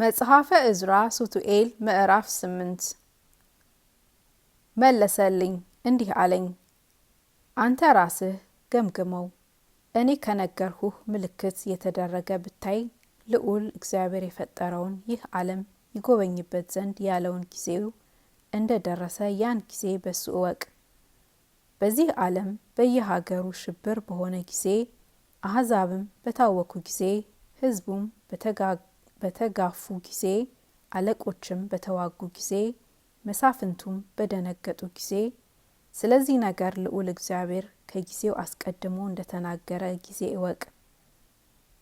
መጽሐፈ ዕዝራ ሱቱኤል ምዕራፍ ስምንት መለሰልኝ እንዲህ አለኝ፣ አንተ ራስህ ገምግመው፣ እኔ ከነገርሁህ ምልክት የተደረገ ብታይ ልዑል እግዚአብሔር የፈጠረውን ይህ ዓለም ይጎበኝበት ዘንድ ያለውን ጊዜው እንደ ደረሰ ያን ጊዜ በሱ እወቅ። በዚህ ዓለም በየሀገሩ ሽብር በሆነ ጊዜ፣ አሕዛብም በታወኩ ጊዜ፣ ህዝቡም በተጋ በተጋፉ ጊዜ፣ አለቆችም በተዋጉ ጊዜ፣ መሳፍንቱም በደነገጡ ጊዜ ስለዚህ ነገር ልዑል እግዚአብሔር ከጊዜው አስቀድሞ እንደተናገረ ጊዜ እወቅ።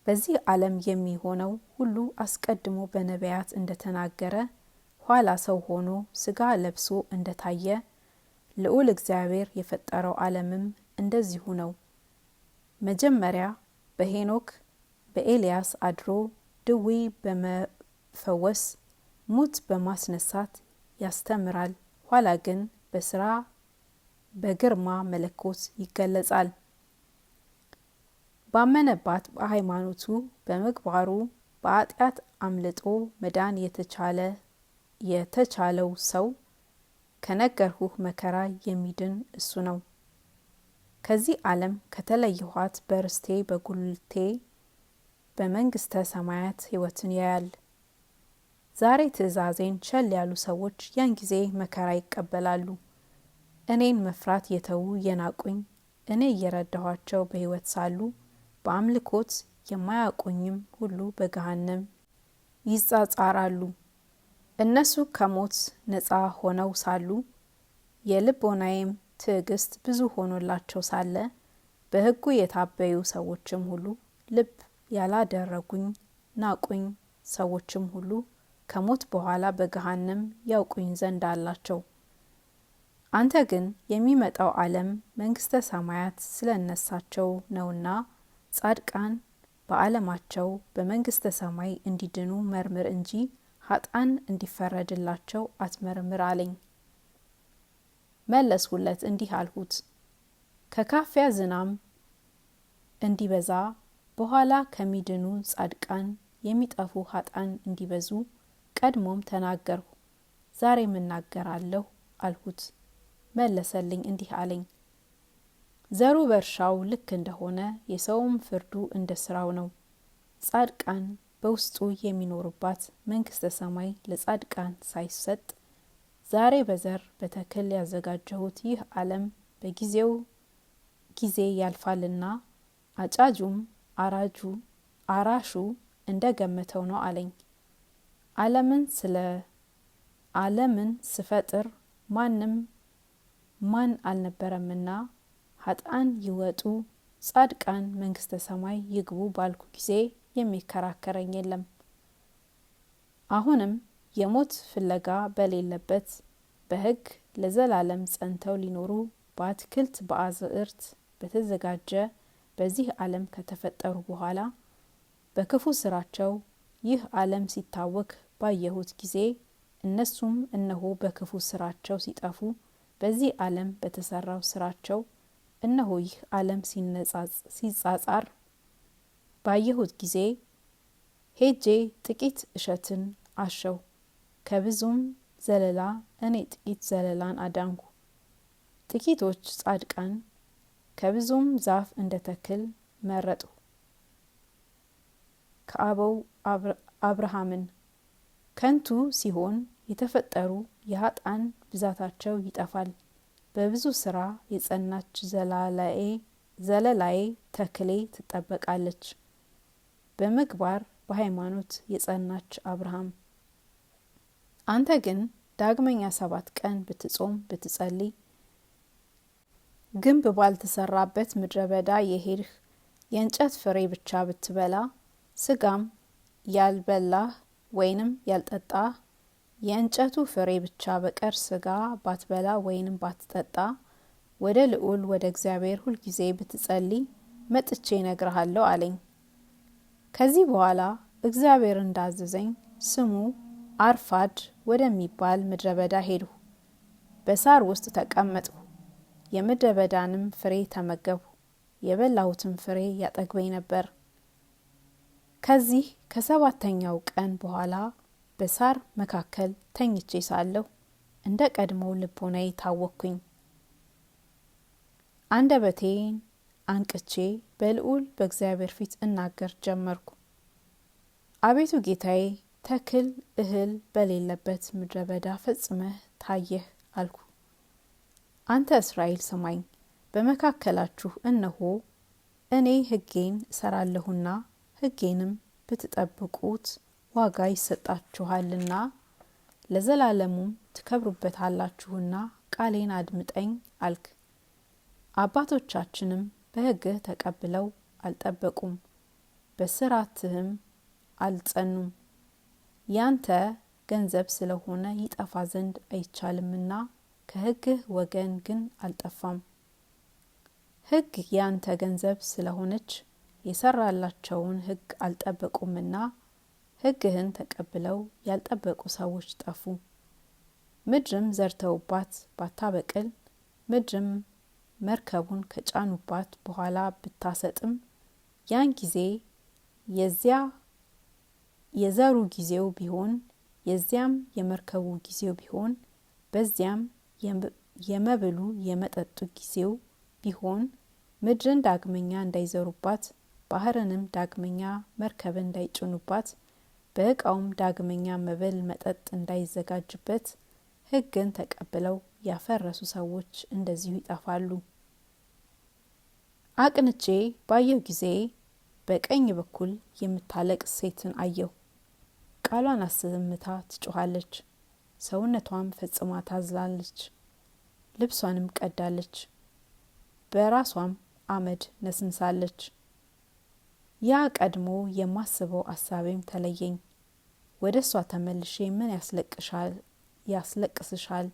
በዚህ ዓለም የሚሆነው ሁሉ አስቀድሞ በነቢያት እንደተናገረ ኋላ ሰው ሆኖ ስጋ ለብሶ እንደታየ ልዑል እግዚአብሔር የፈጠረው ዓለምም እንደዚሁ ነው። መጀመሪያ በሄኖክ በኤልያስ አድሮ ድዌ በመፈወስ ሙት በማስነሳት ያስተምራል። ኋላ ግን በስራ በግርማ መለኮት ይገለጻል። ባመነባት በሃይማኖቱ በምግባሩ በኃጢአት አምልጦ መዳን የተቻለ የተቻለው ሰው ከነገርሁህ መከራ የሚድን እሱ ነው። ከዚህ ዓለም ከተለየኋት በርስቴ በጉልቴ በመንግስተ ሰማያት ሕይወትን ያያል። ዛሬ ትእዛዜን ቸል ያሉ ሰዎች ያን ጊዜ መከራ ይቀበላሉ። እኔን መፍራት የተዉ የናቁኝ እኔ እየረዳኋቸው በሕይወት ሳሉ በአምልኮት የማያቁኝም ሁሉ በገሃነም ይጻጻራሉ። እነሱ ከሞት ነጻ ሆነው ሳሉ የልቦናዬም ትዕግስት ብዙ ሆኖላቸው ሳለ በሕጉ የታበዩ ሰዎችም ሁሉ ልብ ያላደረጉኝ ናቁኝ ሰዎችም ሁሉ ከሞት በኋላ በገሃነም ያውቁኝ ዘንድ አላቸው። አንተ ግን የሚመጣው ዓለም መንግስተ ሰማያት ስለነሳቸው ነውና ጻድቃን በዓለማቸው በመንግስተ ሰማይ እንዲድኑ መርምር እንጂ ሀጣን እንዲፈረድላቸው አትመርምር አለኝ። መለስሁለት እንዲህ አልሁት ከካፊያ ዝናም እንዲበዛ በኋላ ከሚድኑ ጻድቃን የሚጠፉ ሀጣን እንዲበዙ ቀድሞም ተናገርሁ፣ ዛሬ ምናገራለሁ አልሁት። መለሰልኝ እንዲህ አለኝ፣ ዘሩ በእርሻው ልክ እንደሆነ የሰውም ፍርዱ እንደ ስራው ነው። ጻድቃን በውስጡ የሚኖሩባት መንግስተ ሰማይ ለጻድቃን ሳይሰጥ ዛሬ በዘር በተክል ያዘጋጀሁት ይህ ዓለም በጊዜው ጊዜ ያልፋልና አጫጁም አራጁ አራሹ እንደ ገመተው ነው አለኝ። ዓለምን ስለ ዓለምን ስፈጥር ማንም ማን አልነበረምና ሀጣን ይወጡ ጻድቃን መንግስተ ሰማይ ይግቡ ባልኩ ጊዜ የሚከራከረኝ የለም። አሁንም የሞት ፍለጋ በሌለበት በህግ ለዘላለም ጸንተው ሊኖሩ በአትክልት በአዝእርት በተዘጋጀ በዚህ ዓለም ከተፈጠሩ በኋላ በክፉ ስራቸው ይህ ዓለም ሲታወክ ባየሁት ጊዜ እነሱም እነሆ በክፉ ስራቸው ሲጠፉ በዚህ ዓለም በተሰራው ስራቸው እነሆ ይህ ዓለም ሲጻጻር ባየሁት ጊዜ ሄጄ ጥቂት እሸትን አሸው፣ ከብዙም ዘለላ እኔ ጥቂት ዘለላን አዳንኩ። ጥቂቶች ጻድቃን ከብዙም ዛፍ እንደ ተክል መረጡ። ከአበው አብርሃምን ከንቱ ሲሆን የተፈጠሩ የሀጣን ብዛታቸው ይጠፋል። በብዙ ስራ የጸናች ዘላላኤ ዘለላዬ ተክሌ ትጠበቃለች። በምግባር በሃይማኖት የጸናች አብርሃም አንተ ግን ዳግመኛ ሰባት ቀን ብትጾም ብትጸልይ ግንብ ባልተሰራበት ምድረ በዳ የሄድህ የእንጨት ፍሬ ብቻ ብትበላ ስጋም ያልበላህ ወይንም ያልጠጣህ የእንጨቱ ፍሬ ብቻ በቀር ስጋ ባትበላ ወይንም ባትጠጣ ወደ ልዑል ወደ እግዚአብሔር ሁልጊዜ ብትጸልይ መጥቼ እነግርሃለሁ አለኝ። ከዚህ በኋላ እግዚአብሔር እንዳዘዘኝ ስሙ አርፋድ ወደሚባል ምድረ በዳ ሄድሁ። በሳር ውስጥ ተቀመጥሁ። የምድረ በዳንም ፍሬ ተመገቡ! የበላሁትም ፍሬ ያጠግበኝ ነበር። ከዚህ ከሰባተኛው ቀን በኋላ በሳር መካከል ተኝቼ ሳለሁ እንደ ቀድሞ ልቦናዬ ታወቅኩኝ። በቴን አንቅቼ በልዑል በእግዚአብሔር ፊት እናገር ጀመርኩ። አቤቱ ጌታዬ፣ ተክል እህል በሌለበት ምድረ በዳ ፈጽመህ ታየህ አልኩ። አንተ እስራኤል ስማኝ፣ በመካከላችሁ እነሆ እኔ ሕጌን እሰራለሁና ሕጌንም ብትጠብቁት ዋጋ ይሰጣችኋልና ለዘላለሙም ትከብሩበታላችሁና ቃሌን አድምጠኝ አልክ። አባቶቻችንም በሕግህ ተቀብለው አልጠበቁም፣ በስራትህም አልጸኑም። ያንተ ገንዘብ ስለሆነ ይጠፋ ዘንድ አይቻልምና ከሕግህ ወገን ግን አልጠፋም። ህግ ያንተ ገንዘብ ስለሆነች የሰራላቸውን ህግ አልጠበቁምና ህግህን ተቀብለው ያልጠበቁ ሰዎች ጠፉ። ምድርም ዘርተውባት ባታበቅል ምድርም መርከቡን ከጫኑባት በኋላ ብታሰጥም ያን ጊዜ የዚያ የዘሩ ጊዜው ቢሆን የዚያም የመርከቡ ጊዜው ቢሆን በዚያም የመብሉ የመጠጡ ጊዜው ቢሆን ምድርን ዳግመኛ እንዳይዘሩባት ባህርንም ዳግመኛ መርከብን እንዳይጭኑባት በእቃውም ዳግመኛ መብል መጠጥ እንዳይዘጋጅበት ሕግን ተቀብለው ያፈረሱ ሰዎች እንደዚሁ ይጠፋሉ። አቅንቼ ባየው ጊዜ በቀኝ በኩል የምታለቅ ሴትን አየሁ። ቃሏን አስምታ ትጮኋለች። ሰውነቷም ፈጽማ ታዝላለች፣ ልብሷንም ቀዳለች፣ በራሷም አመድ ነስንሳለች። ያ ቀድሞ የማስበው አሳቤም ተለየኝ። ወደ እሷ ተመልሼ ምን ያስለቅሻል ያስለቅስሻል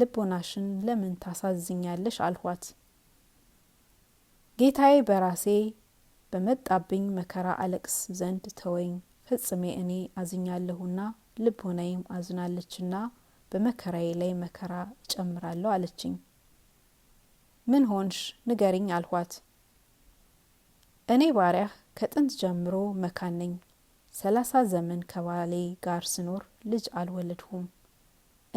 ልቦናሽን ለምን ታሳዝኛለሽ? አልኋት። ጌታዬ በራሴ በመጣብኝ መከራ አለቅስ ዘንድ ተወኝ፣ ፈጽሜ እኔ አዝኛለሁና ልቦናዬም አዝናለችና በመከራዬ ላይ መከራ ጨምራለሁ አለችኝ። ምን ሆንሽ ንገሪኝ አልኋት። እኔ ባሪያህ ከጥንት ጀምሮ መካን ነኝ። ሰላሳ ዘመን ከባሌ ጋር ስኖር ልጅ አልወለድሁም።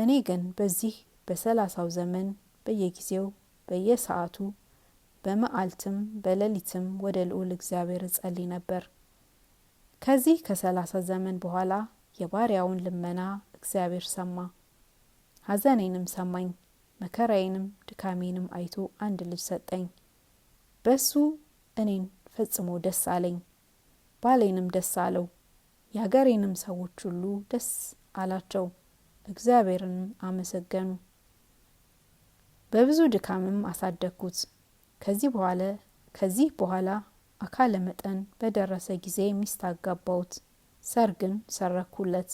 እኔ ግን በዚህ በሰላሳው ዘመን በየጊዜው በየሰዓቱ በመዓልትም በሌሊትም ወደ ልዑል እግዚአብሔር እጸልይ ነበር። ከዚህ ከሰላሳ ዘመን በኋላ የባሪያውን ልመና እግዚአብሔር ሰማ። ሐዘኔንም ሰማኝ፣ መከራዬንም ድካሜንም አይቶ አንድ ልጅ ሰጠኝ። በሱ እኔን ፈጽሞ ደስ አለኝ፣ ባሌንም ደስ አለው፣ የአገሬንም ሰዎች ሁሉ ደስ አላቸው፣ እግዚአብሔርንም አመሰገኑ። በብዙ ድካምም አሳደግኩት። ከዚህ በኋላ ከዚህ በኋላ አካለ መጠን በደረሰ ጊዜ ሚስት አጋባውት። ሰርግን ሰረኩለት።